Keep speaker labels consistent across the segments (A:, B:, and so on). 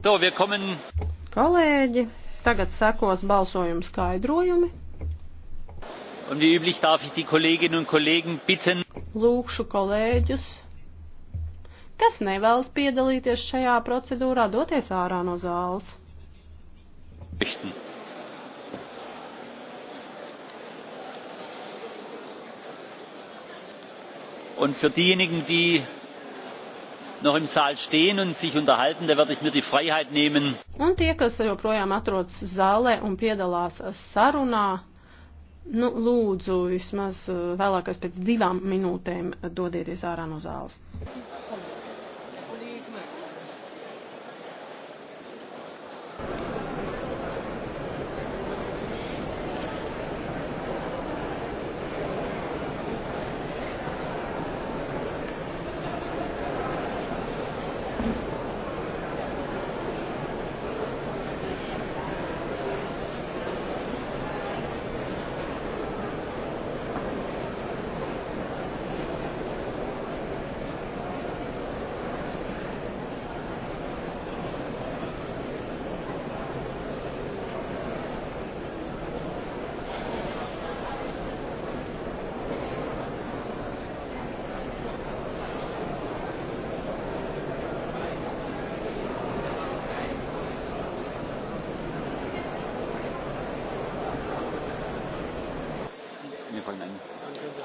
A: To,
B: Kolēģi, tagad sekos balsojumu skaidrojumi.
A: Un wie üblich darf ich die Kolleginnen un Kollegen bitten.
B: Lūkšu kolēģus, kas nevēlas piedalīties šajā procedūrā, doties ārā no zāles.
A: Richten. Un für diejenigen, die noch im Saal stehen und sich unterhalten, da werde ich mir die Freiheit nehmen.
B: Un tie, kas joprojām atrodas zālē un piedalās sarunā, nu, lūdzu, vismaz eh, vēlākais pēc divām minūtēm dodieties ārā no zāles. Paldies.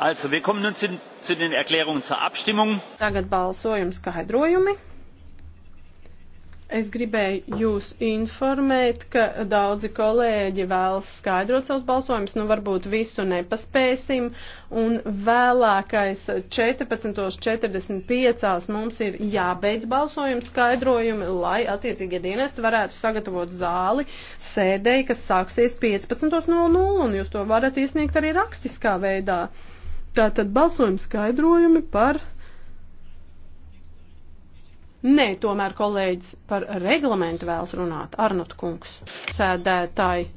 A: Also, wir kommen nun zu, zu den Erklärungen zur Abstimmung. Tagad
B: balsojums skaidrojumi. Es gribēju jūs informēt, ka daudzi kolēģi vēlas skaidrot savus balsojumus, nu varbūt visu nepaspēsim, un vēlākais 14.45 mums ir jābeidz balsojumu skaidrojumi, lai attiecīgie dienesti varētu sagatavot zāli sēdēji, kas sāksies 15.00, un jūs to varat iesniegt arī rakstiskā veidā. Tātad balsojuma skaidrojumi par. Nē, tomēr kolēģis par reglamentu vēlas runāt. Arnot kungs, sēdētāji.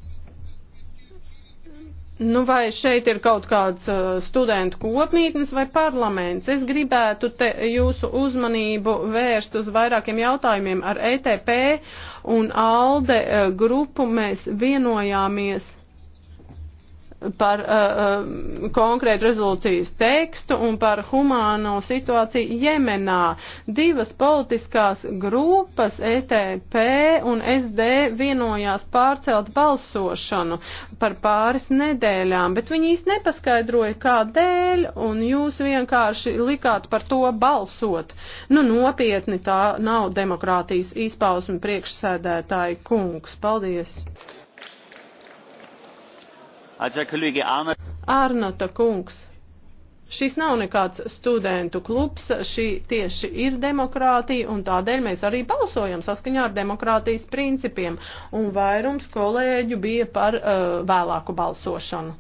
B: Nu, vai šeit ir kaut kāds uh, studentu kopmītnes vai parlaments? Es gribētu te jūsu uzmanību vērst uz vairākiem jautājumiem ar ETP un ALDE uh, grupu. Mēs vienojāmies par uh, uh, konkrētu rezolūcijas tekstu un par humāno situāciju Jemenā. Divas politiskās grupas ETP un SD vienojās pārcelt balsošanu par pāris nedēļām, bet viņi īsti nepaskaidroja, kādēļ, un jūs vienkārši likāt par to balsot. Nu, nopietni tā nav demokrātijas izpausme priekšsēdētāji kungs. Paldies! Arnota kungs. Šis nav nekāds studentu klubs, šī tieši ir demokrātija, un tādēļ mēs arī balsojam saskaņā ar demokrātijas principiem, un vairums kolēģu bija par uh, vēlāku balsošanu.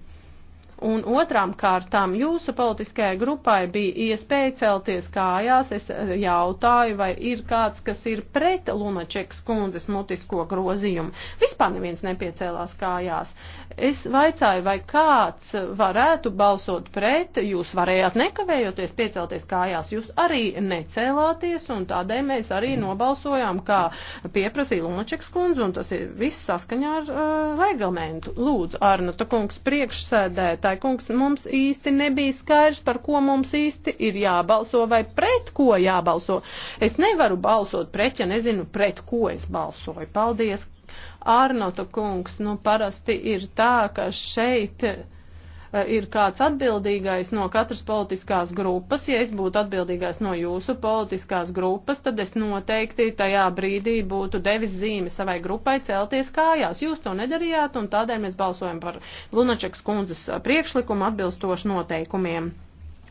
B: Un otrām kārtām jūsu politiskajai grupai bija iespēja celties kājās. Es eh, jautāju, vai ir kāds, kas ir pret Lunačekas kundzes mutisko grozījumu. Vispār neviens nepiecēlās kājās. Es vaicāju, vai kāds varētu balsot pret. Jūs varējāt nekavējoties piecelties kājās. Jūs arī necēlāties un tādēļ mēs arī nobalsojām, kā pieprasīja Lunačekas kundze. Un tas ir viss saskaņā ar uh, reglamentu. Lūdzu, Arnata kungs priekšsēdētāji priekšsēdētāji kungs, mums īsti nebija skaidrs, par ko mums īsti ir jābalso vai pret ko jābalso. Es nevaru balsot pret, ja nezinu, pret ko es balsoju. Paldies, Arnota kungs. Nu, parasti ir tā, ka šeit Eh, ir kāds atbildīgais no katras politiskās grupas. Ja es būtu atbildīgais no jūsu politiskās grupas, tad es noteikti tajā brīdī būtu devis zīmi savai grupai celties kājās. Jūs to nedarījāt, un tādēļ mēs balsojam par Lunačekas kundzes priekšlikumu atbilstoši noteikumiem.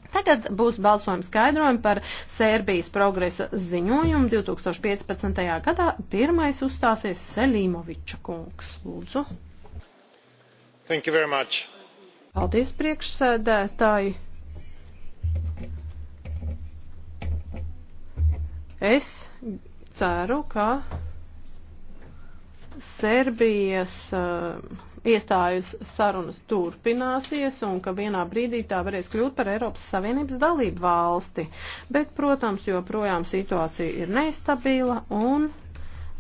B: Tagad būs balsojums skaidrojumi par Sērbijas progresa ziņojumu 2015. gadā. Pirmais uzstāsies Selīmoviča kungs. Lūdzu.
C: Thank you very much.
B: Paldies priekšsēdētāji. Es ceru, ka Serbijas uh, iestājas sarunas turpināsies un ka vienā brīdī tā varēs kļūt par Eiropas Savienības dalību valsti. Bet, protams, joprojām situācija ir nestabila un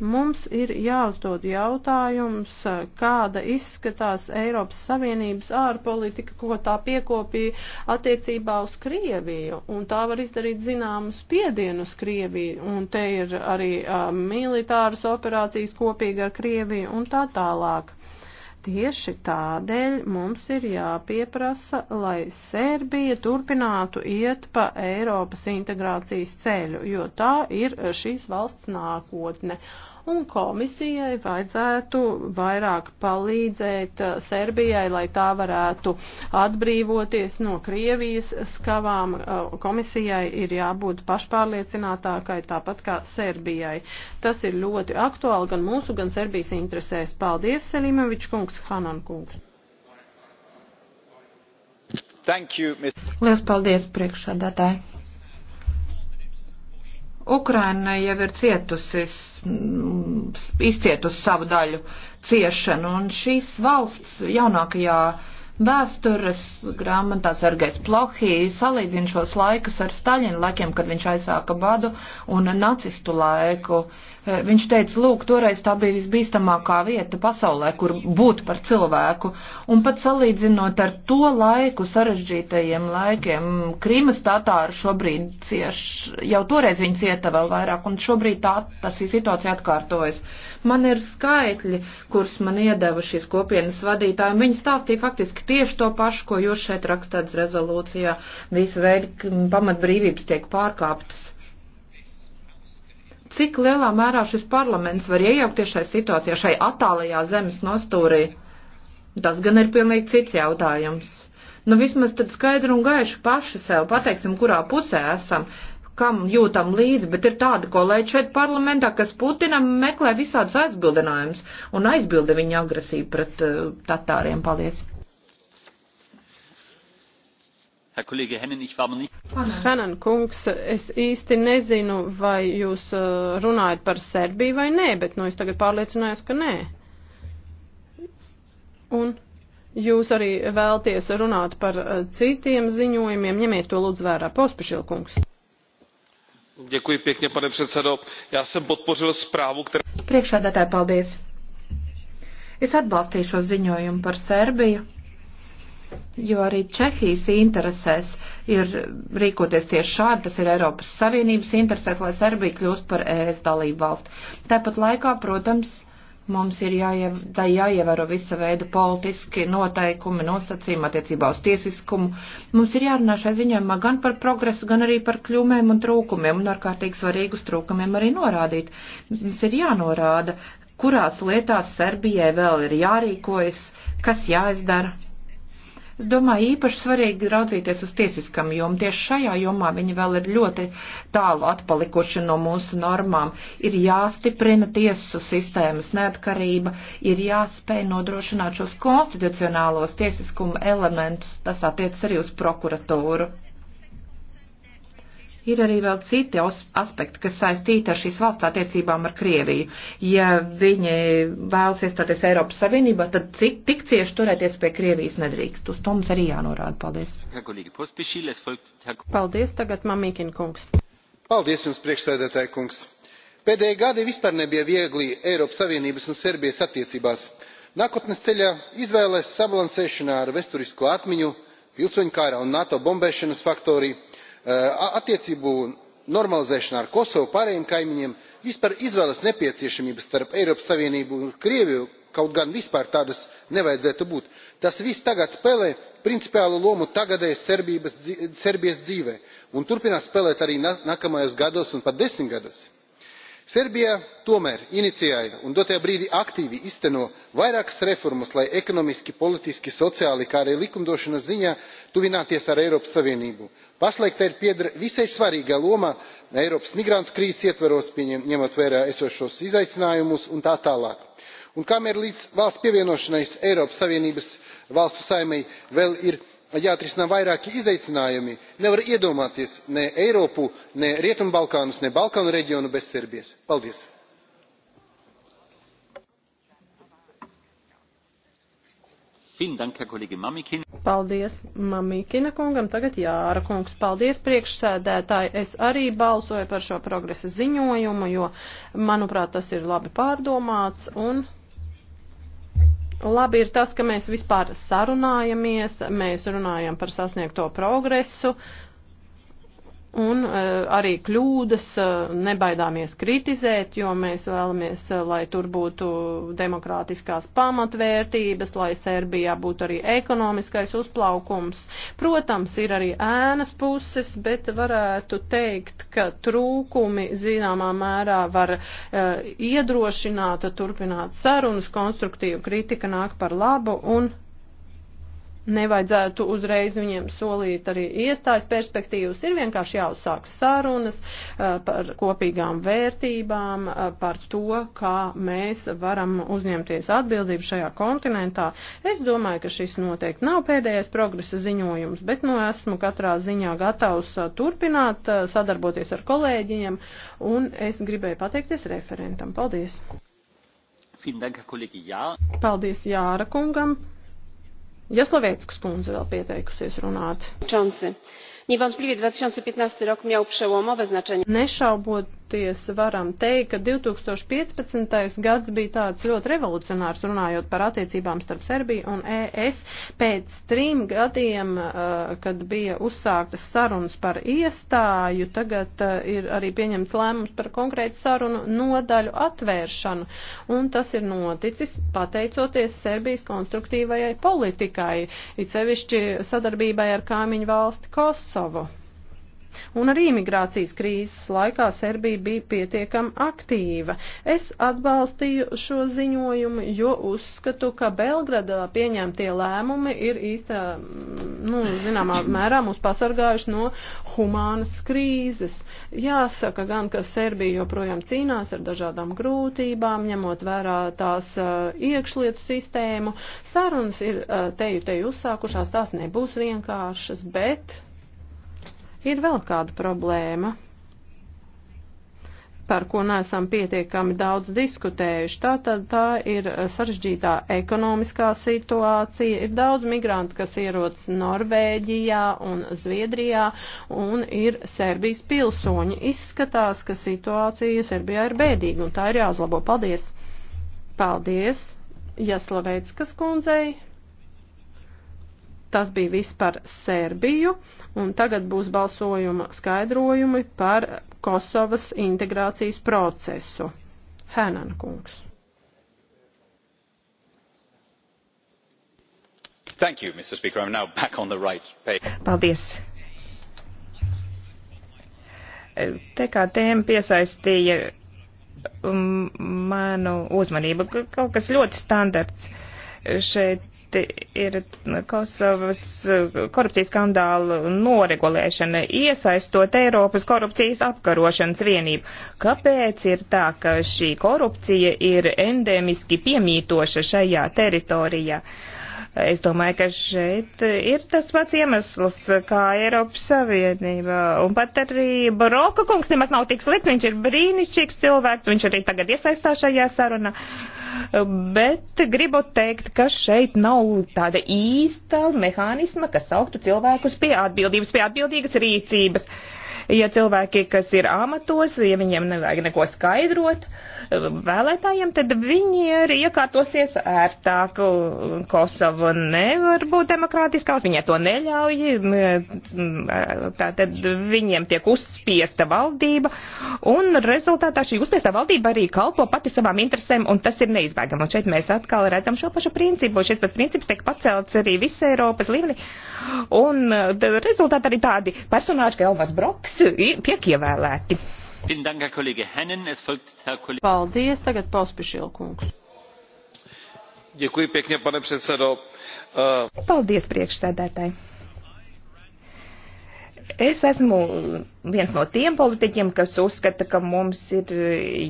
B: Mums ir jāuzdod jautājums, kāda izskatās Eiropas Savienības ārpolitika, ko tā piekopīja attiecībā uz Krieviju, un tā var izdarīt zināmu spiedienu uz Krieviju, un te ir arī uh, militāras operācijas kopīgi ar Krieviju un tā tālāk. Tieši tādēļ mums ir jāpieprasa, lai Serbija turpinātu iet pa Eiropas integrācijas ceļu, jo tā ir šīs valsts nākotne un komisijai vajadzētu vairāk palīdzēt uh, Serbijai, lai tā varētu atbrīvoties no Krievijas skavām. Uh, komisijai ir jābūt pašpārliecinātākai, tāpat kā Serbijai. Tas ir ļoti aktuāli gan mūsu, gan Serbijas interesēs. Paldies, Selimovičs kungs, Hanan kungs.
A: Thank you, Mr.
D: Lielas paldies priekšādātāji. Ukraina jau ir cietusi, izcietusi savu daļu ciešanu, un šīs valsts jaunākajā vēstures grāmatā Sergejs Plohī salīdzina šos laikus ar Staļina laikiem, kad viņš aizsāka badu un nacistu laiku. Eh, viņš teica, lūk, toreiz tā bija visbīstamākā vieta pasaulē, kur būt par cilvēku. Un pat salīdzinot ar to laiku, sarežģītajiem laikiem, Krīmas tatāri šobrīd cieš, jau toreiz viņi cieta vēl vairāk, un šobrīd tā, tā šī situācija atkārtojas. Man ir skaitļi, kurus man iedeva šīs kopienas vadītāji, un viņi stāstīja faktiski tieši to pašu, ko jūs šeit rakstāt rezolūcijā. Visi veidi pamatbrīvības tiek pārkāptas cik lielā mērā šis parlaments var iejaukties šai situācijā, šai attālajā zemes nostūrī. Tas gan ir pilnīgi cits jautājums. Nu, vismaz tad skaidri un gaiši paši sev pateiksim, kurā pusē esam, kam jūtam līdzi, bet ir tādi kolēģi šeit parlamentā, kas Putinam meklē visādus aizbildinājumus un aizbilda viņa agresīvu pret uh, tatāriem. Paldies!
A: Herr Kollege Hennen, ich war mir nicht.
B: Hennen kungs, es īsti nezinu, vai jūs uh, runājat par Serbiju vai nē, bet nu es tagad pārliecinājos, ka nē. Un jūs arī vēlties runāt par uh, citiem ziņojumiem, ņemiet to lūdzu vērā. Pospišil kungs.
C: Děkuji pěkně, pane předsedo. Já jsem podpořil zprávu, která...
D: Priekšādātāji, paldies. Es atbalstīšu ziņojumu par Serbiju jo arī Čehijas interesēs ir rīkoties tieši šādi, tas ir Eiropas Savienības interesēs, lai Serbija kļūst par ES dalību valsti. Tāpat laikā, protams, mums ir jāiev, jāievēro visa veida politiski noteikumi, nosacījumi attiecībā uz tiesiskumu. Mums ir jārunā šai ziņojumā gan par progresu, gan arī par kļūmēm un trūkumiem, un ārkārtīgi svarīgus trūkumiem arī norādīt. Mums ir jānorāda, kurās lietās Serbijai vēl ir jārīkojas, kas jāizdara Domāju, īpaši svarīgi raudzīties uz tiesiskam jomu. Tieši šajā jomā viņi vēl ir ļoti tālu atpalikuši no mūsu normām. Ir jāstiprina tiesu sistēmas neatkarība, ir jāspēj nodrošināt šos konstitucionālos tiesiskumu elementus. Tas attiec arī uz prokuratūru. Ir arī vēl citi aspekti, kas saistīti ar šīs valsts attiecībām ar Krieviju. Ja viņi vēlas iestāties Eiropas Savienībā, tad cik, tik cieši turēties pie Krievijas nedrīkst. Uz to mums arī jānorāda. Paldies.
B: Paldies. Tagad Mamīkin
C: kungs. Paldies jums, priekšsēdētāji kungs. Pēdējie gadi vispār nebija viegli Eiropas Savienības un Serbijas attiecībās nākotnes ceļā izvēles sabalansēšanā ar vēsturisko atmiņu pilsoņu kara un nato bombēšanas faktori attiecību normalizēšanā ar kosovu pārējiem kaimiņiem vispār izvēles nepieciešamība starp eiropas savienību un krieviju kaut gan vispār tādas nevajadzētu būt tas viss tagad spēlē principiālu lomu tagadējās serbijas dzīvē un turpinās spēlēt arī nākamajos gados un pat desmitgados serbija tomēr inicijēja un dotajā brīdī aktīvi izteno vairākas reformas lai ekonomiski politiski sociāli kā arī likumdošanas ziņā tuvinātos eiropas savienībai. pašlaik tai pieder visai svarīga loma eiropas migrantu krīzes ietvaros ņemot vērā esošos izaicinājumus un tā tālāk. un kamēr līdz valsts pievienošanai eiropas savienības valstu saimei vēl ir jāatrisina vairāki izaicinājumi nevar iedomāties ne eiropu ne rietumbalkānus ne balkānu reģionu bez serbijas. paldies!
B: Paldies Mamikina kungam, tagad Jāra kungs. Paldies priekšsēdētāji. Es arī balsoju par šo progresa ziņojumu, jo, manuprāt, tas ir labi pārdomāts un Labi ir tas, ka mēs vispār sarunājamies, mēs runājam par sasniegto progresu, un uh, arī kļūdas uh, nebaidāmies kritizēt, jo mēs vēlamies, uh, lai tur būtu demokrātiskās pamatvērtības, lai Serbijā būtu arī ekonomiskais uzplaukums. Protams, ir arī ēnas puses, bet varētu teikt, ka trūkumi zināmā mērā var uh, iedrošināt, turpināt sarunas, konstruktīva kritika nāk par labu un nevajadzētu uzreiz viņiem solīt arī iestājas perspektīvas, ir vienkārši jāuzsāk sarunas uh, par kopīgām vērtībām, uh, par to, kā mēs varam uzņemties atbildību šajā kontinentā. Es domāju, ka šis noteikti nav pēdējais progresa ziņojums, bet nu esmu katrā ziņā gatavs uh, turpināt sadarboties ar kolēģiem un es gribēju pateikties referentam. Paldies! Paldies Jāra kungam! Jaslovēckas kundze vēl pieteikusies runāt. Čansi. Niewątpliwie 2015 rok miał przełomowe znaczenie. Nešaubot Tieši varam teikt, ka 2015. gads bija tāds ļoti revolucionārs, runājot par attiecībām starp Serbiju un ES. Pēc trim gadiem, kad bija uzsāktas sarunas par iestāju, tagad ir arī pieņemts lēmums par konkrētu sarunu nodaļu atvēršanu. Un tas ir noticis pateicoties Serbijas konstruktīvajai politikai, it sevišķi sadarbībai ar kāmiņu valsti Kosovu. Un arī imigrācijas krīzes laikā Serbija bija pietiekam aktīva. Es atbalstīju šo ziņojumu, jo uzskatu, ka Belgradā pieņemtie lēmumi ir īstā, nu, zināmā mērā mūs pasargājuši no humānas krīzes. Jāsaka gan, ka Serbija joprojām cīnās ar dažādām grūtībām, ņemot vērā tās uh, iekšlietu sistēmu. Sarunas ir uh, teju teju uzsākušās, tās nebūs vienkāršas, bet Ir vēl kāda problēma, par ko neesam pietiekami daudz diskutējuši. Tā tad tā ir sarežģītā ekonomiskā situācija. Ir daudz migrantu, kas ierodas Norvēģijā un Zviedrijā un ir Serbijas pilsoņi. Izskatās, ka situācija Serbijā ir bēdīga un tā ir jāuzlabo. Paldies! Paldies! Jaslaveckas kundzei! Tas bija viss par Sērbiju, un tagad būs balsojuma skaidrojumi par Kosovas integrācijas procesu. Hēnana kungs.
A: Thank you, Mr. Speaker. I'm now back on the right page. Paldies.
E: TKTM piesaistīja um, manu uzmanību. Kaut kas ļoti standarts. Šeit proti ir eh, Kosovas eh, korupcijas skandāla noregulēšana, iesaistot Eiropas korupcijas apkarošanas vienību. Kāpēc ir tā, ka šī korupcija ir endemiski piemītoša šajā teritorijā? Uh, Es domāju, ka šeit ir tas pats iemesls, kā Eiropas Savienība. Un pat arī Baroka kungs nemaz nav tik slikts, viņš ir brīnišķīgs cilvēks, viņš arī tagad iesaistās šajā sarunā. Bet gribu teikt, ka šeit nav tāda īsta mehānisma, kas sauktu cilvēkus pie atbildības, pie atbildīgas rīcības. Ja cilvēki, kas ir amatos, ja viņiem nevajag neko skaidrot, uh, vēlētājiem, tad viņi arī iekārtosies ērtāk. Kosova nevar būt demokrātiskā, viņai to neļauj. Tātad viņiem tiek uzspiesta valdība, un rezultātā šī uzspiestā valdība arī kalpo pati savām interesēm, un tas ir neizbēgami. Un šeit mēs atkal redzam šo pašu principu. Šis pats princips tiek pacelts arī visai Eiropas līmenī, un eh, rezultātā arī tādi personāļi kā Elmas Broks tiek ievēlēti. Paldies, tagad Pauspišilkungs.
C: Děkuji pěkně, pane předsedo. Uh...
E: Paldies, priekšsēdētāji. Es esmu viens no tiem politiķiem, kas uzskata, ka mums ir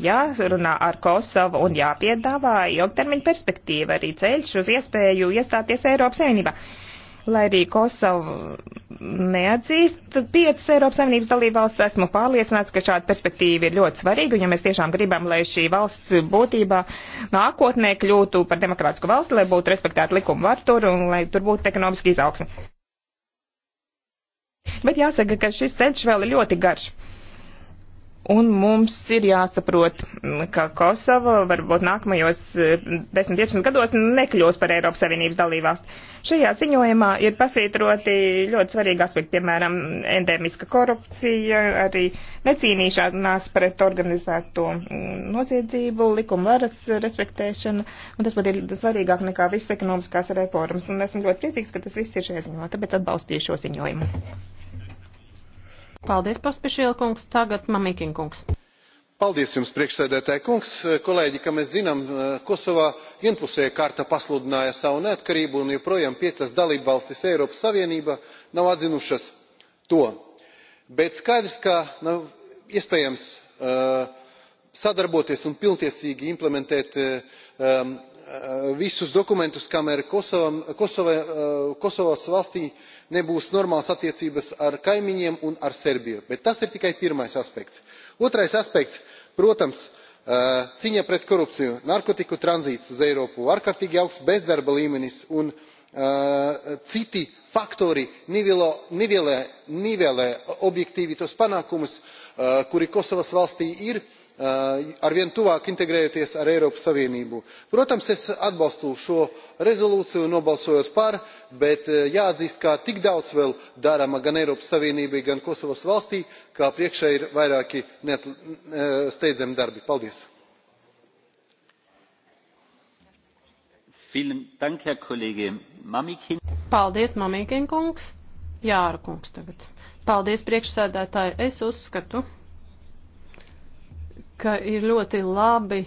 E: jārunā ar Kosovu un jāpiedāvā ilgtermiņa perspektīva arī ceļš uz iespēju iestāties Eiropas Savienībā. Uh, Lai arī Kosova neatzīst piecas Eiropas Savienības dalībvalsts, esmu pārliecināts, ka šāda perspektīva ir ļoti svarīga, un ja mēs tiešām gribam, lai šī valsts būtībā nākotnē kļūtu par demokrātisku valsti, lai būtu respektēta likuma vartura un lai tur būtu ekonomiski izaugsme. Bet jāsaka, ka šis ceļš vēl ir ļoti garš. Un mums ir jāsaprot, mm, ka Kosova varbūt nākamajos 10-15 eh, gados nekļūs par Eiropas Savienības dalībvalsti. Šajā ziņojumā ir pasvītroti ļoti svarīgi aspekti, piemēram, endemiska korupcija, arī necīnīšanās pret organizēto mm, noziedzību, likuma varas respektēšana, un tas pat ir svarīgāk nekā viss ekonomiskās reformas. Un esmu ļoti priecīgs, ka tas viss ir šajā ziņojumā, tāpēc atbalstīšu šo ziņojumu. Paldies, Pospišilkungs.
B: Tagad Mamikinkungs.
C: Paldies jums, priekšsēdētāji kungs. Kolēģi, kā mēs zinām, eh, Kosovā vienpusēja kārta pasludināja savu neatkarību un joprojām piecas dalībvalstis Eiropas Savienībā nav atzinušas to. Bet skaidrs, ka nav nu, iespējams uh, sadarboties un pilntiesīgi implementēt um, Eh, visus dokumentus kamēr eh, kosovas valstī nebūs normālas attiecības ar kaimiņiem un ar serbiju bet tas ir tikai pirmais aspekts. otrais aspekts protams eh, cīņa pret korupciju narkotiku tranzīts uz eiropu ārkārtīgi augsts bezdarba līmenis un citi faktori nivelē objektīvi tos panākumus kuri kosovas valstī ir arvien tuvāk integrējoties ar eiropas savienību. protams es atbalstu šo rezolūciju nobalsojot par bet jāatzīst ka tik daudz vēl darāmā gan eiropas savienībai gan kosovas valstij ka priekšā ir vairāki steidzami darbi. paldies!
B: paldies mamīkin kungs! jāra kungs tagad. paldies priekšsēdētāji! es uzskatu ka ir ļoti labi,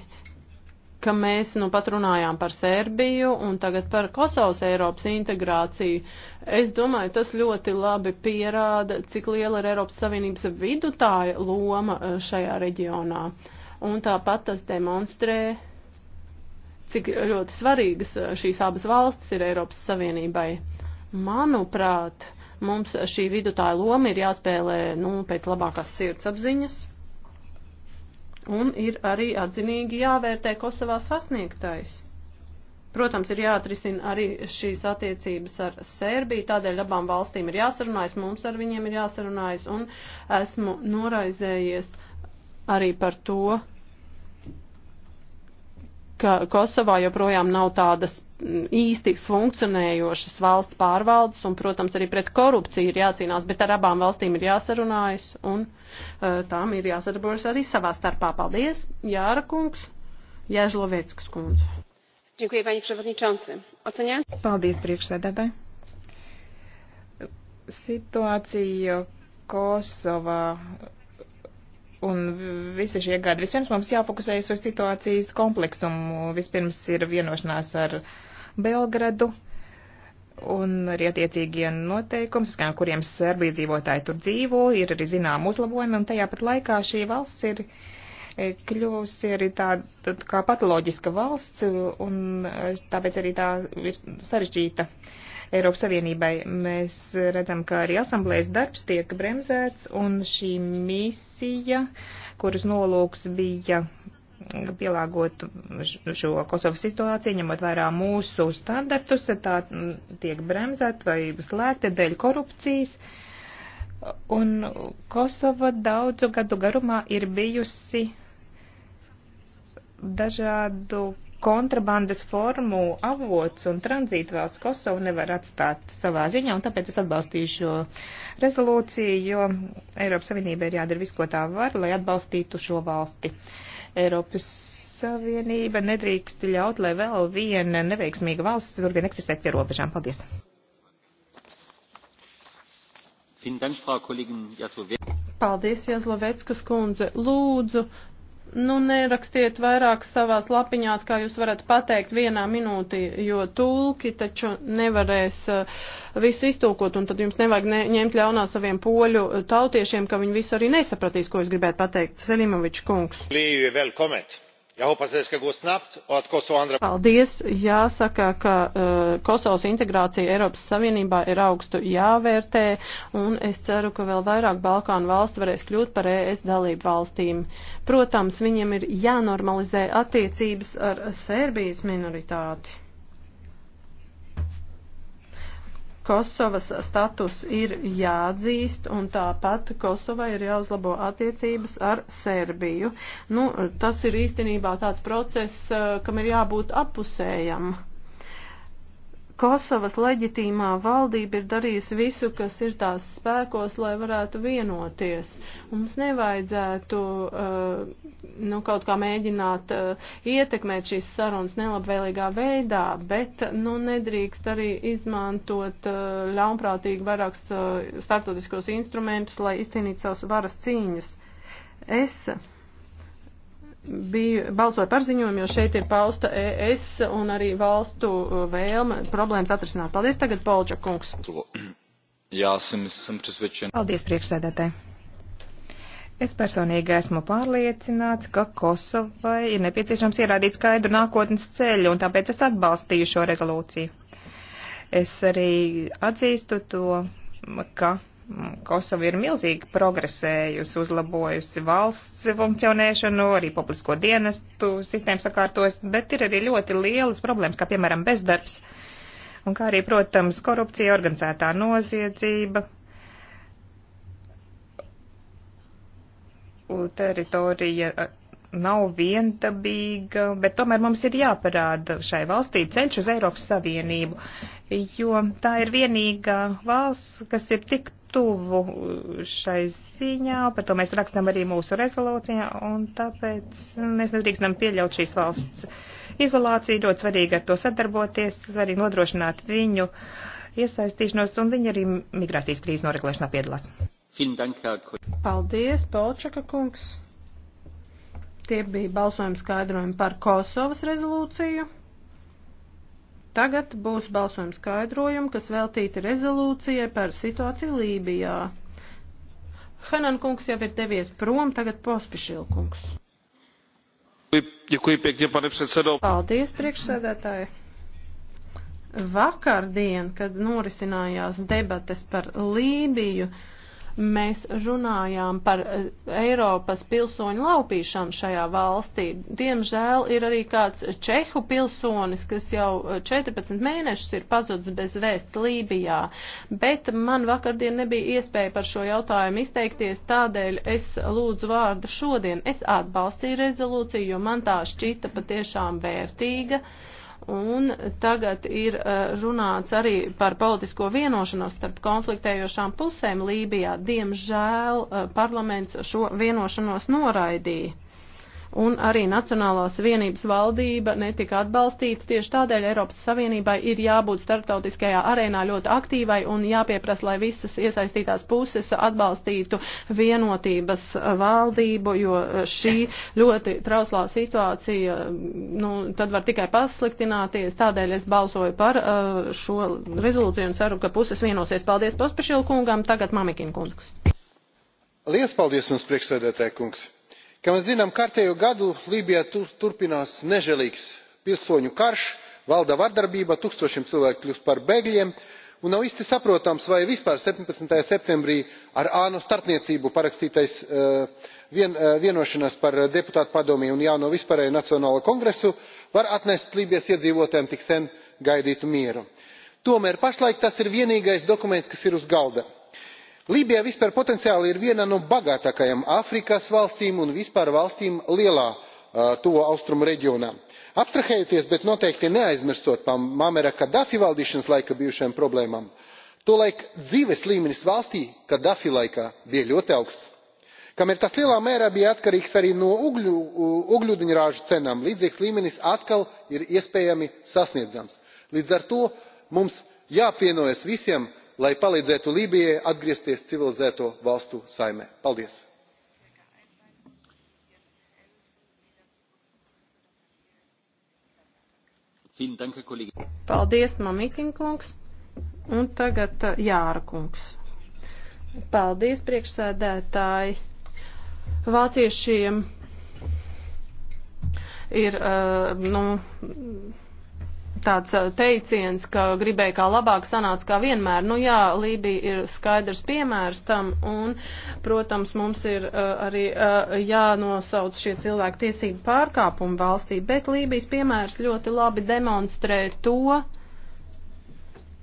B: ka mēs nu pat runājām par Serbiju un tagad par Kosovas Eiropas integrāciju. Es domāju, tas ļoti labi pierāda, cik liela ir Eiropas Savienības vidutāja loma eh, šajā reģionā. Un tāpat tas demonstrē, cik ļoti svarīgas eh, šīs abas valstis ir Eiropas Savienībai. Manuprāt, mums šī vidutāja loma ir jāspēlē nu, pēc labākās sirds apziņas un ir arī atzinīgi jāvērtē Kosovā sasniegtais. Protams, ir jāatrisina arī šīs attiecības ar Sērbiju, tādēļ abām valstīm ir jāsarunājas, mums ar viņiem ir jāsarunājas, un esmu noraizējies arī par to, ka Kosovā joprojām nav tādas īsti funkcionējošas valsts pārvaldes, un, protams, arī pret korupciju ir jācīnās, bet ar abām valstīm ir jāsarunājas, un uh, tām ir jāsadarbojas arī savā starpā. Paldies, Jāra kungs, Jāžlovieckas
E: kundze. Dziękuję, panie przewodniczący. Oceniam. Paldies, priekšsēdētāji. Situācija Kosovā un visi šie gadi. Vispirms mums jāfokusējas uz situācijas kompleksumu. Vispirms ir vienošanās ar uh, Belgradu. Un arī attiecīgie noteikumi, skan, kuriem Serbijas dzīvotāji tur dzīvo, ir arī zinām uzlabojumi, un tajā pat laikā šī valsts ir e, kļuvusi arī tāda kā patoloģiska valsts, un e, tāpēc arī tā ir sarežģīta Eiropas Savienībai. Mēs redzam, ka arī asamblējas darbs tiek bremzēts, un šī misija, kuras nolūks bija pielāgot šo Kosovas situāciju, ņemot vērā mūsu standartus, tā tiek bremzēta vai slēgta dēļ korupcijas. Un Kosova daudzu gadu garumā ir bijusi dažādu kontrabandas formu avots un tranzītvēls Kosovu nevar atstāt savā ziņā, un tāpēc es atbalstīšu šo rezolūciju, jo Eiropas Savienība ir jādara viss, ko tā var, lai atbalstītu šo valsti. Uh, Eiropas Savienība nedrīkst ļaut, lai vēl viena neveiksmīga valsts turpina eksistēt pie robežām. Paldies! Paldies,
B: Jazlovetskas kundze. Lūdzu, Nu, nerakstiet vairāk savās lapiņās, kā jūs varat pateikt vienā minūtī, jo tulki taču nevarēs uh, visu iztūkot, un tad jums nevajag ne ņemt ļaunā saviem poļu uh, tautiešiem, ka viņi visu arī nesapratīs, ko es gribētu pateikt. Selimovičs kungs.
C: Līvi, vēl koment. Paldies!
B: Jāsaka, ka uh, Kosovas integrācija Eiropas Savienībā ir augstu jāvērtē, un es ceru, ka vēl vairāk Balkānu valstu varēs kļūt par ES dalību valstīm. Protams, viņiem ir jānormalizē attiecības ar Sērbijas minoritāti. Kosovas status ir jāatzīst, un tāpat Kosovai ir jāuzlabo attiecības ar Serbiju. Nu, tas ir īstenībā tāds process, eh, kam ir jābūt apusējam. Kosovas leģitīmā valdība ir darījusi visu, kas ir tās spēkos, lai varētu vienoties. Mums nevajadzētu uh, nu, kaut kā mēģināt uh, ietekmēt šīs sarunas nelabvēlīgā veidā, bet nu, nedrīkst arī izmantot uh, ļaunprātīgi vairākus uh, startautiskos instrumentus, lai izcīnītu savas varas cīņas. Es biju, balsoju par ziņojumu, jo šeit ir pausta ES un arī valstu uh, vēlme problēmas atrisināt. Paldies tagad, Polča kungs.
C: Jā, esam, esam presvedčeni. Paldies,
E: priekšsēdētāji. Es personīgi esmu pārliecināts, ka Kosovai ir nepieciešams ierādīt skaidru nākotnes ceļu, un tāpēc es atbalstīju šo rezolūciju. Es arī atzīstu to, ka Kosova ir milzīgi progresējusi, uzlabojusi valsts funkcionēšanu, arī publisko dienestu sistēmu sakārtos, bet ir arī ļoti lielas problēmas, kā piemēram bezdarbs, un kā arī, protams, korupcija, organizētā noziedzība, teritorija nav viendabīga, bet tomēr mums ir jāparāda šai valstī ceļš uz Eiropas Savienību, jo tā ir vienīgā valsts, kas ir tik tuvu šai ziņā, par to mēs rakstam arī mūsu rezolūcijā, un tāpēc mēs nedrīkstam pieļaut šīs valsts izolāciju, ļoti svarīgi ar to sadarboties, arī nodrošināt viņu iesaistīšanos, un viņi arī migrācijas krīzes noregulēšanā piedalās.
B: Paldies, Polčaka kungs! Tie bija balsojumi skaidrojumi par Kosovas rezolūciju. Tagad būs balsojuma skaidrojumi, kas veltīti rezolūcijai par situāciju Lībijā. Hanan kungs jau ir devies prom, tagad pospišil kungs.
C: Děkuji pěkně, pane předsedo.
B: Paldies, priekšsēdētāji. Vakardien, kad norisinājās debates par Lībiju, uh, Mēs runājām par eh, Eiropas pilsoņu laupīšanu šajā valstī. Diemžēl ir arī kāds čehu pilsonis, kas jau 14 eh, mēnešus ir pazudis bez vēsts Lībijā, bet man vakardien nebija iespēja par šo jautājumu izteikties, tādēļ es lūdzu vārdu šodien. Es atbalstīju rezolūciju, jo man tā šķita patiešām vērtīga. Uh, Un tagad ir eh, runāts arī par politisko vienošanos starp konfliktējošām pusēm Lībijā. Diemžēl eh, parlaments šo vienošanos noraidīja un arī Nacionālās vienības valdība netika atbalstīta. Tieši tādēļ Eiropas Savienībai ir jābūt starptautiskajā arēnā ļoti aktīvai un jāpieprasa, lai visas iesaistītās puses atbalstītu vienotības valdību, jo šī ļoti trauslā situācija, nu, tad var tikai pasliktināties. Tādēļ es balsoju par uh, šo rezolūciju un ceru, ka puses vienosies. Paldies Pospešilkungam, tagad Mamikina kungs.
C: Lies paldies jums, priekšsēdētāja kungs! kā mēs zinām kārtējo gadu lībijā turpinās nežēlīgs pilsoņu karš valda vardarbība tūkstošiem cilvēku kļūst par bēgļiem un nav īsti saprotams vai vispār septiņpadsmit septembrī ar ānu starpniecību parakstītā eh, eh, vienošanās par deputātu padomi un jauno vispārējo nacionālo kongresu var atnest lībijas iedzīvotājiem tik sen gaidītu mieru. tomēr pašlaik tas ir vienīgais dokuments kas ir uz galda lībija vispār potenciāli ir viena no bagātākajām āfrikas valstīm un vispār valstīm lielā tuvo austrumu reģionā. abstrahējoties bet noteikti neaizmirstot par mamera kadafi valdīšanas laika bijušajām problēmām tolaik dzīves līmenis valstī kadafi laikā bija ļoti augsts kamēr tas lielā mērā bija atkarīgs arī no ogļūdeņraža cenām līdzīgs līmenis atkal ir iespējami sasniedzams. līdz ar to mums jāpievienojas visiem lai palīdzētu lībijai atgriezties civilizēto valstu saimē. paldies!
B: Paldies, Mamikinkungs. Un tagad uh, Jāra kungs. Paldies, priekšsēdētāji. Vāciešiem ir, uh, nu, tāds teiciens, ka gribēja kā labāk sanāca kā vienmēr. Nu jā, Lībija ir skaidrs piemērs tam un, protams, mums ir uh, arī uh, jānosauc šie cilvēku tiesību pārkāpumi valstī, bet Lībijas piemērs ļoti labi demonstrē to,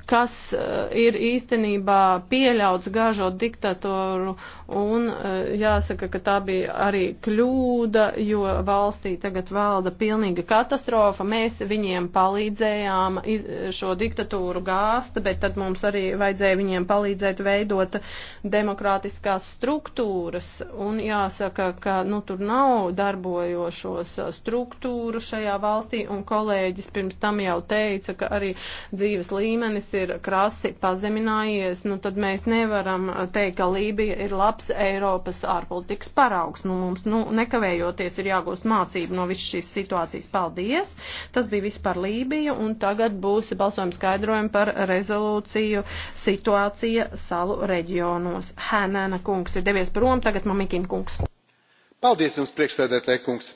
B: kas uh, ir īstenībā pieļauts gāžot diktatoru Un eh, jāsaka, ka tā bija arī kļūda, jo valstī tagad valda pilnīga katastrofa. Mēs viņiem palīdzējām šo diktatūru gāst, bet tad mums arī vajadzēja viņiem palīdzēt veidot demokrātiskās struktūras. Un jāsaka, ka nu, tur nav darbojošos eh, struktūru šajā valstī, un kolēģis pirms tam jau teica, ka arī dzīves līmenis ir krasi pazeminājies. Nu, tad mēs nevaram eh, teikt, ka Lībija ir laba labs Eiropas ārpolitikas paraugs. Nu, mums nu, nekavējoties ir jāgūst mācību no visas šīs situācijas. Paldies! Tas bija viss par Lībiju, un tagad būs balsojums skaidrojumi par rezolūciju situācija salu reģionos. Hēnēna kungs ir devies prom, tagad mamikina kungs.
C: Paldies jums, priekšsēdētāji kungs!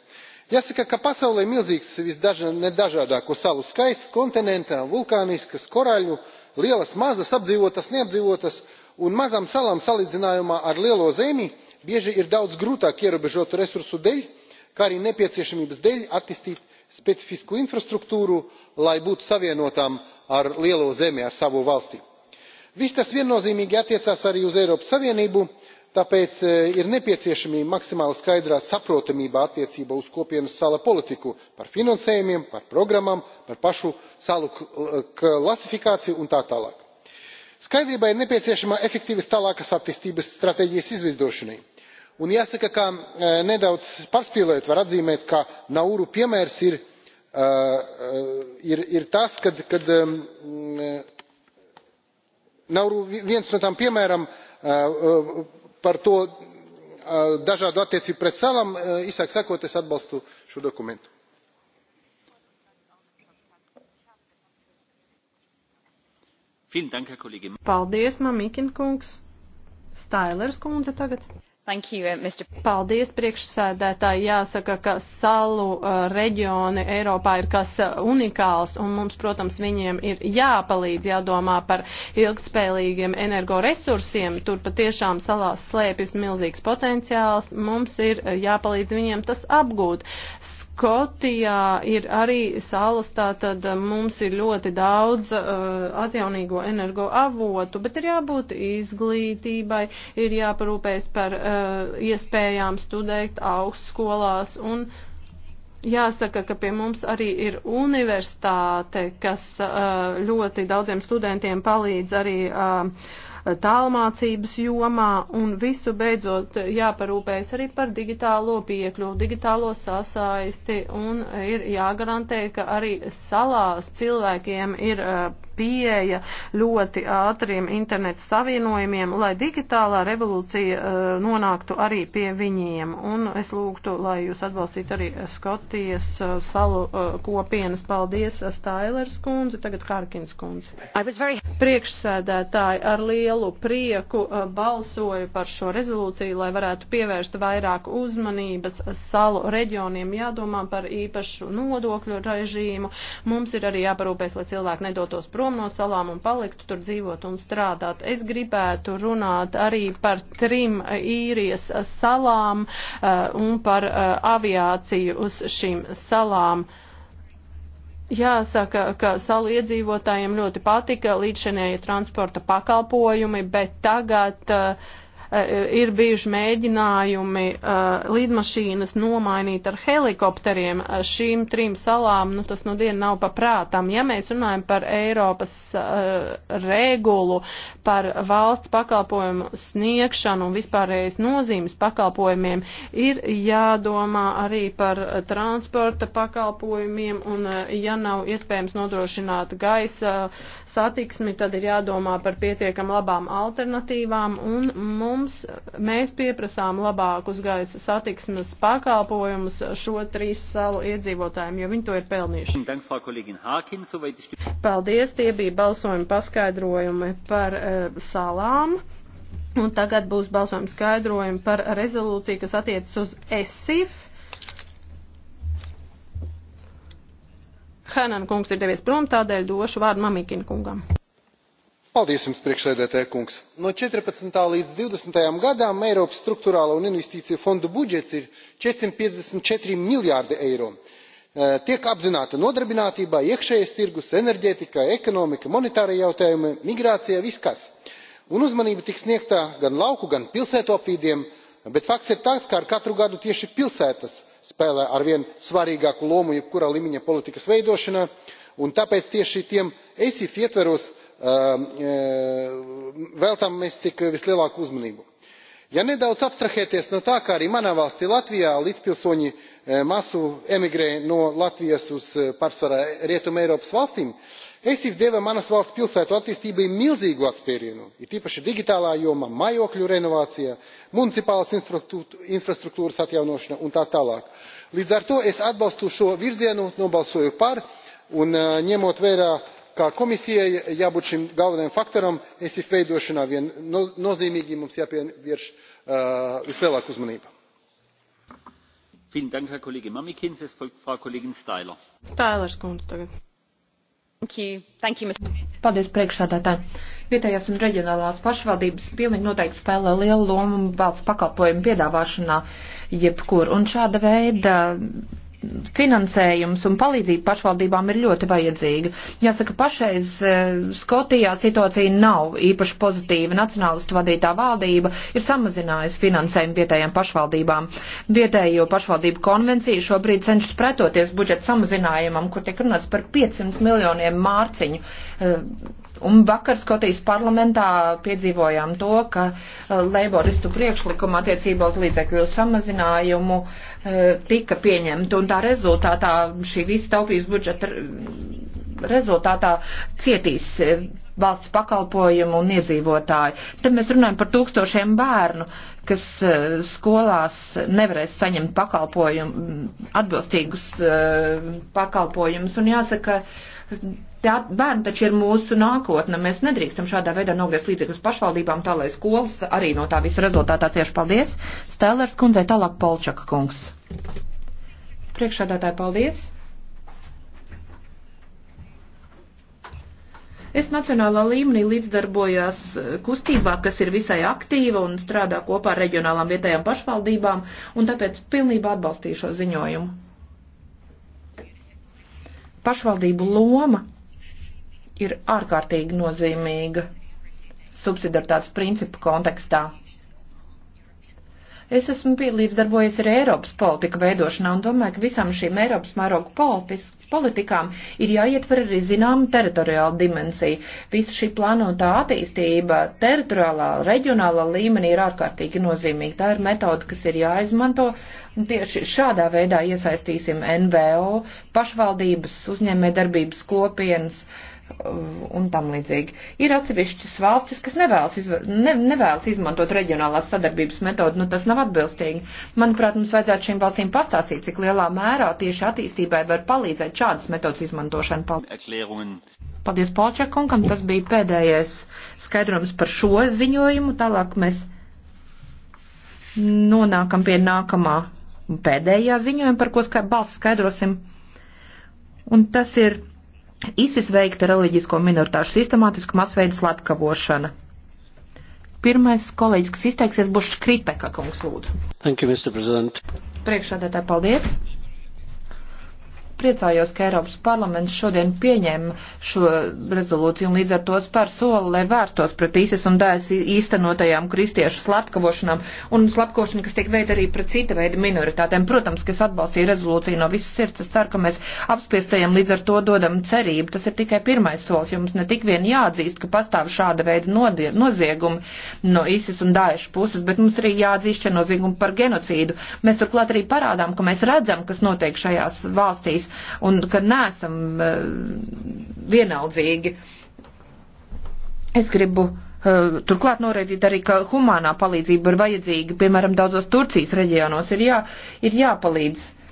C: jāsaka ka pasaulē milzīgs visdažādāko salu skaits kontinentā vulkāniskas korāļu lielas mazas apdzīvotas neapdzīvotas un mazām salām salīdzinājumā ar lielo zemi bieži ir daudz grūtāk ierobežotu resursu dēļ kā arī nepieciešamības dēļ attīstīt specifisku infrastruktūru lai būtu savienotām ar lielo zemi ar savu valsti. viss tas viennozīmīgi attiecās arī uz eiropas savienību tāpēc e, ir nepieciešama maksimāli skaidra saprotamība attiecībā uz kopienas sala politiku par finansējumiem par programmām par pašu salu e, klasifikāciju un tā tālāk skaidrībai nepieciešama efektīvas tālākas attīstības stratēģijas izveidošanai un jāsaka ka e, nedaudz pārspīlējot var atzīmēt ka nauru piemērs ir, e, e, ir, ir tas kad, kad nauru viens no tām piemēram par to dažādu attieksmi pret salām īsāk sakot es atbalstu šo dokumentu.
B: Paldies, Mamikina kungs. Stailers kundze tagad. You, uh, Paldies priekšsēdētāji. Jāsaka, ka salu uh, reģioni Eiropā ir kas uh, unikāls, un mums, protams, viņiem ir jāpalīdz jādomā par ilgtspēlīgiem energoresursiem. Tur patiešām salās slēpjas milzīgs potenciāls. Mums ir uh, jāpalīdz viņiem tas apgūt. Skotijā ir arī salas, tātad eh, mums ir ļoti daudz uh, atjaunīgo energo avotu, bet ir jābūt izglītībai, ir jāparūpēs par uh, iespējām studēt augstskolās un jāsaka, ka pie mums arī ir universitāte, kas uh, ļoti daudziem studentiem palīdz arī. Uh, tālmācības jomā un visu beidzot jāparūpējas arī par digitālo piekļuvu, digitālo sasaisti un ir jāgarantē, ka arī salās cilvēkiem ir pieeja ļoti ātriem internetu savienojumiem, lai digitālā revolūcija nonāktu arī pie viņiem. Un es lūgtu, lai jūs atbalstītu arī Skotijas salu kopienas. Paldies, Stailers kundze, tagad Kārkins kundze. Very... Priekšsēdētāji ar lielu lielu prieku uh, balsoju par šo rezolūciju, lai varētu pievērst vairāk uzmanības salu reģioniem, jādomā par īpašu nodokļu režīmu. Mums ir arī jāparūpēs, lai cilvēki nedotos prom no salām un paliktu tur dzīvot un strādāt. Es gribētu runāt arī par trim īrijas salām uh, un par uh, aviāciju uz šīm salām. Uh, Jāsaka, ka salu iedzīvotājiem ļoti patika līdzšinēja transporta pakalpojumi, bet tagad uh, Eh, ir bijuši mēģinājumi eh, lidmašīnas nomainīt ar helikopteriem. Eh, šīm trim salām nu, tas nu dienu nav paprātām. Ja mēs runājam par Eiropas regulu, par valsts pakalpojumu sniegšanu un vispārējais nozīmes pakalpojumiem, ir jādomā arī par transporta pakalpojumiem un, ja nav iespējams nodrošināt gaisa satiksmi, tad ir jādomā par pietiekam labām alternatīvām un mums Mums, mēs pieprasām labākus gaisa satiksmes pakalpojumus šo trīs salu iedzīvotājiem, jo viņi to ir pelnījuši. Paldies, tie bija balsojumi paskaidrojumi par uh, salām. Un tagad būs balsojums skaidrojumi par rezolūciju, kas attiecas uz ESIF. Hanan kungs ir devies prom, tādēļ došu vārdu Mamikina kungam
C: jums priekšsēdētāja kungs! no četrpadsmit līdz divdesmitajam gadam eiropas struktūrālo un investīciju fondu budžets ir četri simt piecdesmit četri miljārdi eiro. Eh, tiek apzināta nodarbinātība iekšējais tirgus enerģētika ekonomika monetārie jautājumi migrācija viss kas. un uzmanība tiek sniegta gan lauku gan pilsētu apvidiem bet fakts ir tāds ka ar katru gadu tieši pilsētas spēlē arvien svarīgāku lomu jebkura līmeņa politikas veidošanā un tāpēc tieši tiem esif ietvaros Um, e, veltam mēs tik vislielāko uzmanību. ja nedaudz abstrahēties no tā ka arī manā valstī latvijā līdzpilsoņi e, masu emigrē no latvijas uz e, pārsvarā rietumeiropas valstīm esif deva manas valsts pilsētu attīstībai milzīgu atspērienu it īpaši digitālā jomā mājokļu renovācijā municipālās infrastruktūras atjaunošana un tā tālāk. līdz ar to es atbalstu šo virzienu nobalsoju par un ņemot vērā kā komisijai jābūt šim galvenajam faktoram esif veidošanā viennozīmīgi mums jāpievērš vislielāka uzmanība.
D: Paldies, priekšsādātāji! Vietējās un reģionālās pašvaldības pilnīgi noteikti spēlē lielu lomu valsts pakalpojumu piedāvāšanā jebkur. Un šāda veida finansējums un palīdzība pašvaldībām ir ļoti vajadzīga. Jāsaka, pašreiz e, Skotijā situācija nav īpaši pozitīva. Nacionālistu vadītā valdība ir samazinājusi finansējumu vietējām pašvaldībām. Vietējo pašvaldību konvencija šobrīd cenšas pretoties budžeta samazinājumam, kur tiek runāts par 500 miljoniem mārciņu. E, un vakar Skotijas parlamentā piedzīvojām to, ka e, laboristu priekšlikuma attiecībā uz līdzekļu samazinājumu Eh, tika pieņemta, un tā rezultātā šī visa taupības budžeta rezultātā cietīs eh, valsts pakalpojumu un iedzīvotāji. Tad mēs runājam par tūkstošiem bērnu, kas eh, skolās nevarēs saņemt pakalpojumu, atbilstīgus pakalpojumus, un jāsaka, ka Tā, bērni taču ir mūsu nākotne. Mēs nedrīkstam šādā veidā nogriezt līdzekļus pašvaldībām, tā lai skolas arī no tā visa rezultātā cieši paldies. Stēlers kundzei tālāk Polčaka kungs. Priekšādātāji, paldies! Es nacionālā līmenī līdzdarbojos eh, kustībā, kas ir visai aktīva un strādā kopā ar reģionālām vietējām pašvaldībām, un tāpēc pilnībā atbalstīju šo ziņojumu pašvaldību loma ir ārkārtīgi nozīmīga subsidiaritātes principu kontekstā. Es esmu līdzdarbojies ar Eiropas politika veidošanā un domāju, ka visām šīm Eiropas mērogu politis, politikām ir jāietver arī zināma teritoriāla dimensija. Visa šī plānotā attīstība teritoriālā, reģionālā līmenī ir ārkārtīgi nozīmīga. Tā ir metode, kas ir jāizmanto. Tieši šādā veidā iesaistīsim NVO, pašvaldības, uzņēmē darbības kopienas. Uh, un tam līdzīgi. Ir atsevišķas valstis, kas nevēlas, izvar, ne, nevēlas izmantot reģionālās sadarbības metodu, nu tas nav atbilstīgi. Manuprāt, mums vajadzētu šīm valstīm pastāstīt, cik lielā mērā tieši attīstībai var palīdzēt šādas metodas izmantošana. Paldies, Paldies Polčakunkam, tas bija pēdējais skaidrojums par šo ziņojumu. Tālāk mēs nonākam pie nākamā pēdējā ziņojuma, par ko ska balsts skaidrosim. Un tas ir ISIS veikta reliģisko minoritāšu sistemātiska masveida slepkavošana. Pirmais kolēģis, kas izteiksies, būs Škripeka kungs lūdzu.
A: Thank you, Mr. President.
D: Priekšādētāji, paldies priecājos, ka Eiropas parlaments šodien pieņēma šo rezolūciju un līdz ar to spēr soli, lai vērstos pret īsis un dēs īstenotajām kristiešu slepkavošanām un slepkošanu, kas tiek veid arī pret cita veida minoritātēm. Protams, ka es atbalstīju rezolūciju no visas sirds. Es ceru, ka mēs apspiestajiem līdz ar to dodam cerību. Tas ir tikai pirmais solis, jo mums ne tik vien jāatzīst, ka pastāv šāda veida noziegumi no īsis un dēšu puses, bet mums arī jāatzīst šie noziegumi par genocīdu. Mēs turklāt arī parādām, ka mēs redzam, kas notiek šajās valstīs, un ka nesam eh, vienaldzīgi. Es gribu eh, turklāt noraidīt arī, ka humānā palīdzība ir vajadzīga, piemēram, daudzos Turcijas reģionos ir, jā, ir jāpalīdz eh,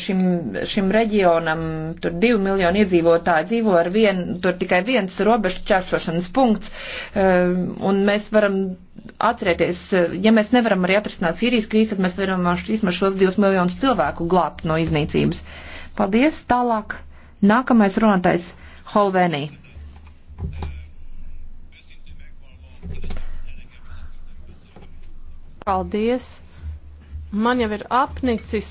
D: šim, šim reģionam, tur divi miljoni iedzīvotāji dzīvo ar vienu, tur tikai viens robežu čēršošanas punkts, un mēs varam atcerēties, ja mēs nevaram arī atrisināt Sīrijas krīzi, tad mēs varam vismaz šos divus miljonus cilvēku glābt no iznīcības. Uh, Paldies, tālāk. Nākamais runātais
B: Holvenī. Paldies. Man jau ir apnicis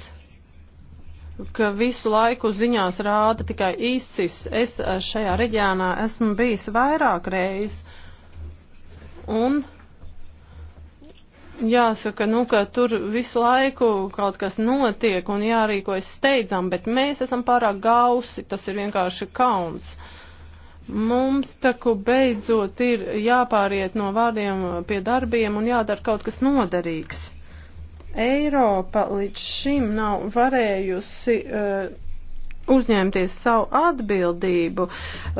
B: ka visu laiku ziņās rāda tikai īsis. Es eh, šajā reģionā esmu bijis vairāk reizes. Un jāsaka, nu, ka tur visu laiku kaut kas notiek un jārīkojas steidzam, bet mēs esam pārāk gausi, tas ir vienkārši kauns. Mums taku beidzot ir jāpāriet no vārdiem pie darbiem un jādara kaut kas noderīgs. Eiropa līdz šim nav varējusi. Uh, uzņemties savu atbildību uh,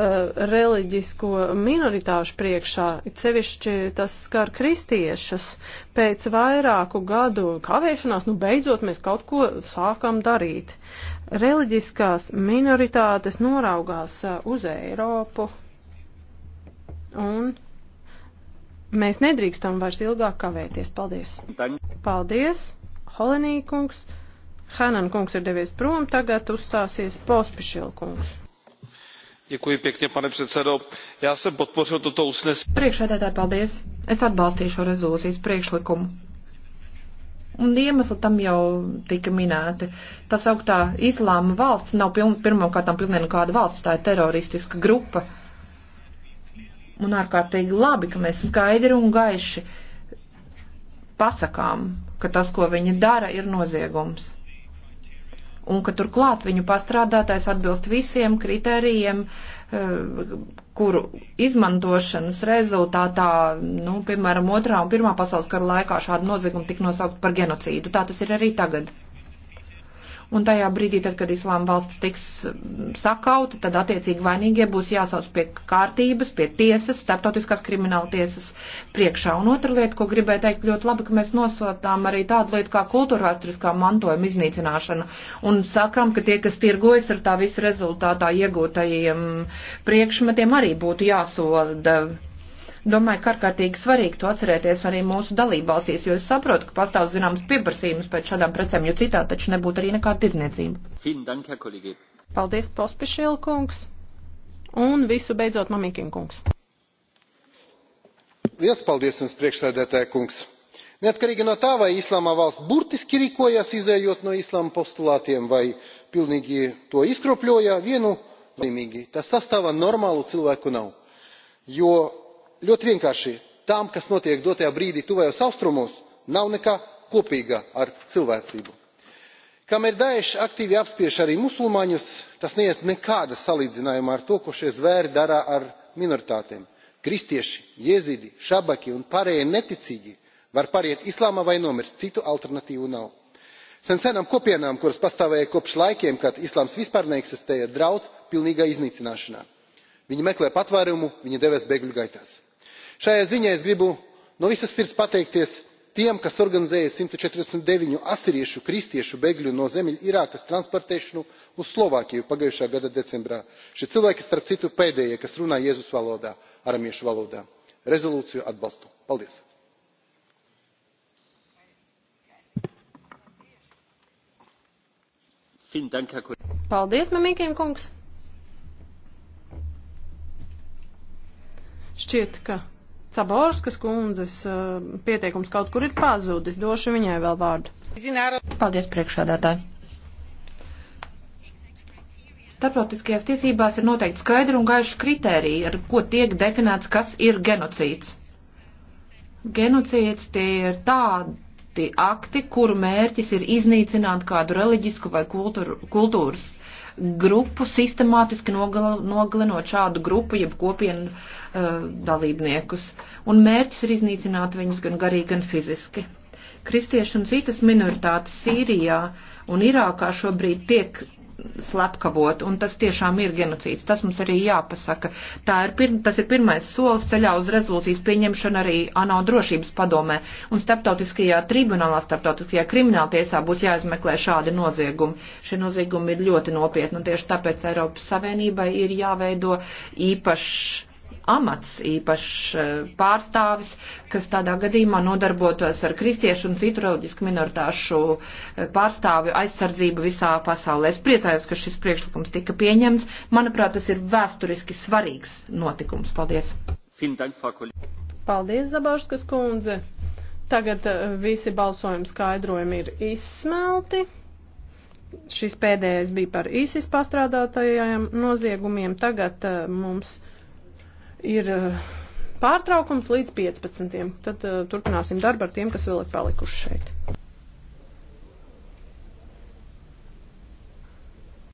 B: reliģisko minoritāšu priekšā, it sevišķi tas skar kristiešus, pēc vairāku gadu kavēšanās, nu beidzot mēs kaut ko sākam darīt. Reliģiskās minoritātes noraugās uh, uz Eiropu un mēs nedrīkstam vairs ilgāk kavēties. Paldies! Paldies, Holenīkungs! Hanan kungs ir devies prom, tagad uzstāsies Pospišil kungs.
C: Děkuji pěkně, pane předsedo. Já jsem podpořil toto usnesení.
B: Priekšsēdētāji,
D: paldies. Es atbalstīšu rezolūcijas priekšlikumu. Un iemesli tam jau tika minēti. Tas augtā islāma valsts nav piln, pirmkārtām pilnīgi kāda valsts, tā ir teroristiska grupa. Un ārkārtīgi labi, ka mēs skaidri un gaiši pasakām, ka tas, ko viņi dara, ir noziegums un ka turklāt viņu pastrādātais atbilst visiem kritērijiem, eh, kuru izmantošanas rezultātā, nu, piemēram, otrā un pirmā pasaules kara laikā šāda nozieguma tika nosaukt par genocīdu. Tā tas ir arī tagad un tajā brīdī, tad, kad islāma valsts tiks mm, sakauta, tad attiecīgi vainīgie būs jāsauc pie kārtības, pie tiesas, starptautiskās krimināla tiesas priekšā. Un otra lieta, ko gribēju teikt, ļoti labi, ka mēs nosotām arī tādu lietu kā kultūrvēsturiskā mantojuma iznīcināšana un sakām, ka tie, kas tirgojas ar tā visa rezultātā iegūtajiem priekšmetiem, arī būtu jāsoda Domāju, ka ārkārtīgi svarīgi to atcerēties arī mūsu dalībvalstīs, jo es saprotu, ka pastāv zināms pieprasījums pēc šādām
B: precēm, jo citā taču nebūtu arī nekāda
A: tirdzniecība.
B: Paldies, Pospišiela
C: kungs! Un visu beidzot, Mamīkin kungs! Liels paldies jums, priekšsēdētāja kungs! neatkarīgi no tā vai islāma valsts burtiski rīkojās izējot no islāma postulātiem vai pilnīgi to izkropļoja vienu nozīmīgi tas sastāvā normālu cilvēku nav jo ļoti vienkārši tam kas notiek dotajā brīdī tuvajos austrumos nav nekā kopīga ar cilvēcību. kamēr daesh aktīvi apspiež arī musulmaņus tas neiet nekādā salīdzinājumā ar to ko šie zvēri dara ar minoritātēm. kristieši jēzidi šabaki un pārējie neticīgie var pāriet islāmā vai nomirst citu alternatīvu nav. sen senām kopienām kuras pastāvēja kopš laikiem kad islāms vispār neeksistēja draud pilnīga iznīcināšana. viņi meklēja patvērumu viņi devās bēgļu gaitās šajā ziņā es gribu no visas sirds pateikties tiem kas organizēja simt četrdesmit deviņu asiriešu kristiešu bēgļu no ziemeļirākas transportēšanu uz slovākiju pagājušā gada decembrā. šie cilvēki starp citu pēdējie kas runā jēzus valodā aramiešu valodā. rezolūciju atbalstu. paldies!
B: Paldies, Mamīkina kungs! Šķiet, ka Caborskas kundzes eh, pieteikums kaut kur ir pazudis. Došu viņai vēl vārdu.
D: Paldies, priekšādātāji. Starptautiskajās tiesībās ir noteikti skaidri un gaiši kriteriji, ar ko tiek definēts, kas ir genocīds. Genocīds tie ir tādi akti, kuru mērķis ir iznīcināt kādu reliģisku vai kultūru, kultūras grupu, sistemātiski nogal, nogalinot šādu grupu, jeb kopienu uh, dalībniekus. Un mērķis ir iznīcināt viņus gan garīgi, gan fiziski. Kristieši un citas minoritātes Sīrijā un Irākā šobrīd tiek slepkavot, un tas tiešām ir genocīds. Tas mums arī jāpasaka. Tā ir pir, tas ir pirmais solis ceļā uz rezolūcijas pieņemšanu arī ANO drošības padomē, un starptautiskajā tribunālā, starptautiskajā krimināltiesā būs jāizmeklē šādi noziegumi. Šie noziegumi ir ļoti nopietni, un tieši tāpēc Eiropas Savienībai ir jāveido īpašs amats īpašs eh, pārstāvis, kas tādā gadījumā nodarbotos ar kristiešu un citu reliģisku minoritāšu eh, pārstāvju aizsardzību visā pasaulē. Es priecājos, ka šis priekšlikums tika pieņemts. Manuprāt,
B: tas ir vēsturiski svarīgs
A: notikums. Paldies! Paldies,
B: Zaborskas kundze! Tagad eh, visi balsojumi skaidrojumi ir izsmelti. Šis pēdējais bija par īsis pastrādātajiem noziegumiem. Tagad mums ir eh, pārtraukums līdz 15. Tad uh, turpināsim darbu ar tiem, kas vēl ir palikuši šeit.